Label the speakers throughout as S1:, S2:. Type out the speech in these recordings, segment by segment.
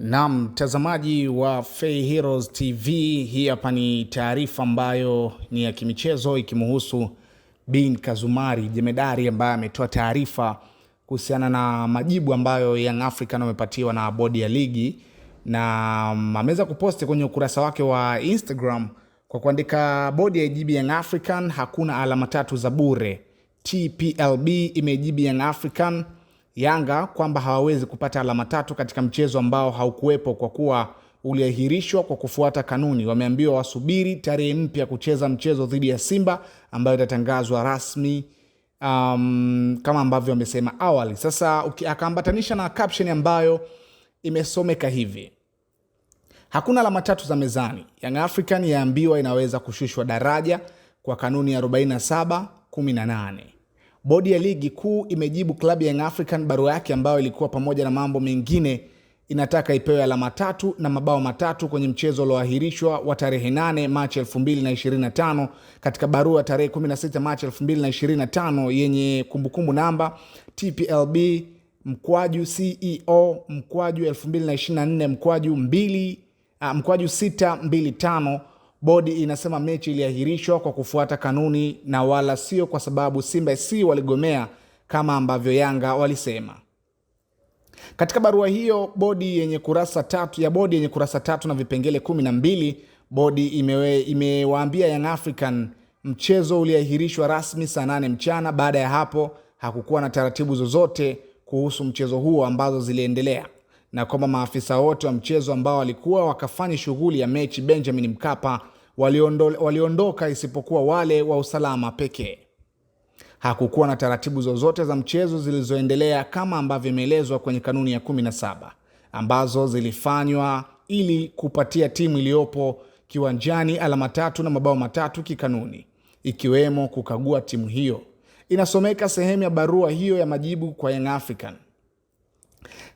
S1: Na mtazamaji wa Fay Heroes TV, hii hapa ni taarifa ambayo ni ya kimichezo ikimhusu Bin Kazumari jemedari, ambaye ametoa taarifa kuhusiana na majibu ambayo Young African wamepatiwa na bodi ya ligi, na mm, ameweza kuposti kwenye ukurasa wake wa Instagram kwa kuandika, bodi ya yaijibu Young African, hakuna alama tatu za bure. TPLB imejibu Young African Yanga kwamba hawawezi kupata alama tatu katika mchezo ambao haukuwepo kwa kuwa uliahirishwa kwa kufuata kanuni. Wameambiwa wasubiri tarehe mpya kucheza mchezo dhidi ya Simba ambayo itatangazwa rasmi um, kama ambavyo wamesema awali. Sasa akaambatanisha na caption ambayo imesomeka hivi: hakuna alama tatu za mezani. Young African yaambiwa inaweza kushushwa daraja kwa kanuni ya 47 18. Bodi ya ligi kuu imejibu klabu ya Young African barua yake ambayo ilikuwa pamoja na mambo mengine inataka ipewe alama tatu na mabao matatu kwenye mchezo ulioahirishwa wa tarehe 8 Machi 2025 katika barua tarehe 16 Machi 2025 yenye kumbukumbu namba TPLB mkwaju CEO mkwaju 2024 mkwaju 2 ah, mkwaju 625 Bodi inasema mechi iliahirishwa kwa kufuata kanuni na wala sio kwa sababu Simba SC waligomea kama ambavyo Yanga walisema. Katika barua hiyo bodi yenye kurasa tatu ya bodi yenye kurasa tatu na vipengele kumi na mbili bodi imewaambia ime Young African mchezo uliahirishwa rasmi saa nane mchana. Baada ya hapo hakukuwa na taratibu zozote kuhusu mchezo huo ambazo ziliendelea na kwamba maafisa wote wa mchezo ambao walikuwa wakafanya shughuli ya mechi Benjamin Mkapa waliondo, waliondoka isipokuwa wale wa usalama pekee. Hakukuwa na taratibu zozote za mchezo zilizoendelea kama ambavyo imeelezwa kwenye kanuni ya 17 ambazo zilifanywa ili kupatia timu iliyopo kiwanjani alama tatu na mabao matatu kikanuni, ikiwemo kukagua timu hiyo. Inasomeka sehemu ya barua hiyo ya majibu kwa Young African.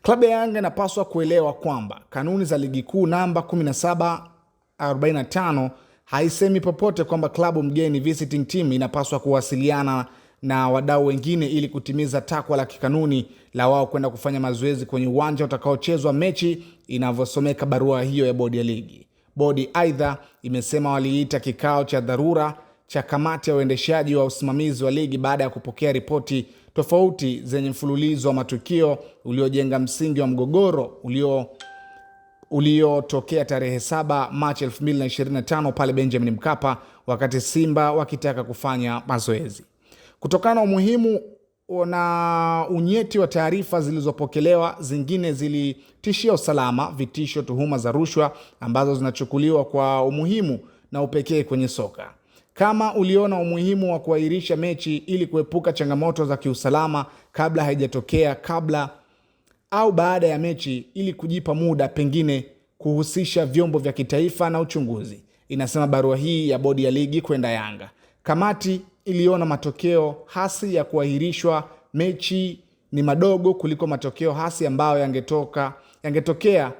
S1: Klabu ya Yanga inapaswa kuelewa kwamba kanuni za ligi kuu namba 1745 haisemi popote kwamba klabu mgeni visiting team inapaswa kuwasiliana na wadau wengine ili kutimiza takwa la kikanuni la wao kwenda kufanya mazoezi kwenye uwanja utakaochezwa mechi, inavyosomeka barua hiyo ya bodi ya ligi. Bodi aidha imesema waliita kikao cha dharura cha kamati ya uendeshaji wa usimamizi wa ligi baada ya kupokea ripoti tofauti zenye mfululizo wa matukio uliojenga msingi wa mgogoro ulio uliotokea tarehe 7 Machi 2025 pale Benjamin Mkapa wakati Simba wakitaka kufanya mazoezi. Kutokana na umuhimu na unyeti wa taarifa zilizopokelewa, zingine zilitishia usalama, vitisho, tuhuma za rushwa ambazo zinachukuliwa kwa umuhimu na upekee kwenye soka kama uliona umuhimu wa kuahirisha mechi ili kuepuka changamoto za kiusalama kabla haijatokea, kabla au baada ya mechi, ili kujipa muda pengine kuhusisha vyombo vya kitaifa na uchunguzi, inasema barua hii ya bodi ya ligi kwenda Yanga. Kamati iliona matokeo hasi ya kuahirishwa mechi ni madogo kuliko matokeo hasi ambayo yangetoka yangetokea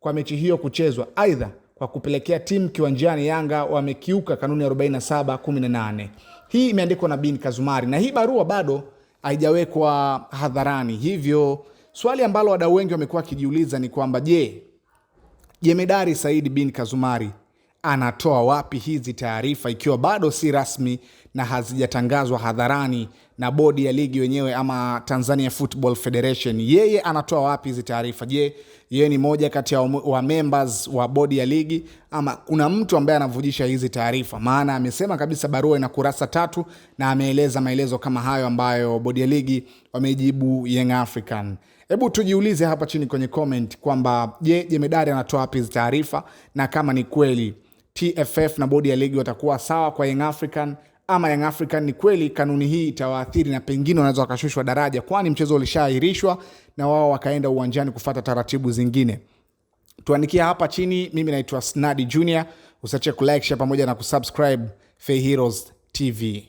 S1: kwa mechi hiyo kuchezwa. Aidha, kwa kupelekea timu kiwanjani. Yanga wamekiuka kanuni 47:18. Hii imeandikwa na Bin Kazumari na hii barua bado haijawekwa hadharani, hivyo swali ambalo wadau wengi wamekuwa wakijiuliza ni kwamba je, Jemedari saidi Bin Kazumari anatoa wapi hizi taarifa ikiwa bado si rasmi na hazijatangazwa hadharani na bodi ya ligi wenyewe ama Tanzania Football Federation. Yeye anatoa wapi hizi taarifa? Je, yeye ni moja kati ya wa members wa bodi ya ligi ama kuna mtu ambaye anavujisha hizi taarifa? Maana amesema kabisa barua ina kurasa tatu na ameeleza maelezo kama hayo ambayo bodi ya ligi wamejibu Young African. Hebu tujiulize hapa chini kwenye comment kwamba je, jemedari anatoa wapi hizi taarifa na kama ni kweli TFF na bodi ya ligi watakuwa sawa kwa Young African ama Young African, ni kweli kanuni hii itawaathiri na pengine wanaweza wakashushwa daraja, kwani mchezo ulishaahirishwa na wao wakaenda uwanjani kufata taratibu zingine. Tuandikia hapa chini. Mimi naitwa Snadi Junior, usiache kulike, share pamoja na kusubscribe Fay Heroes TV.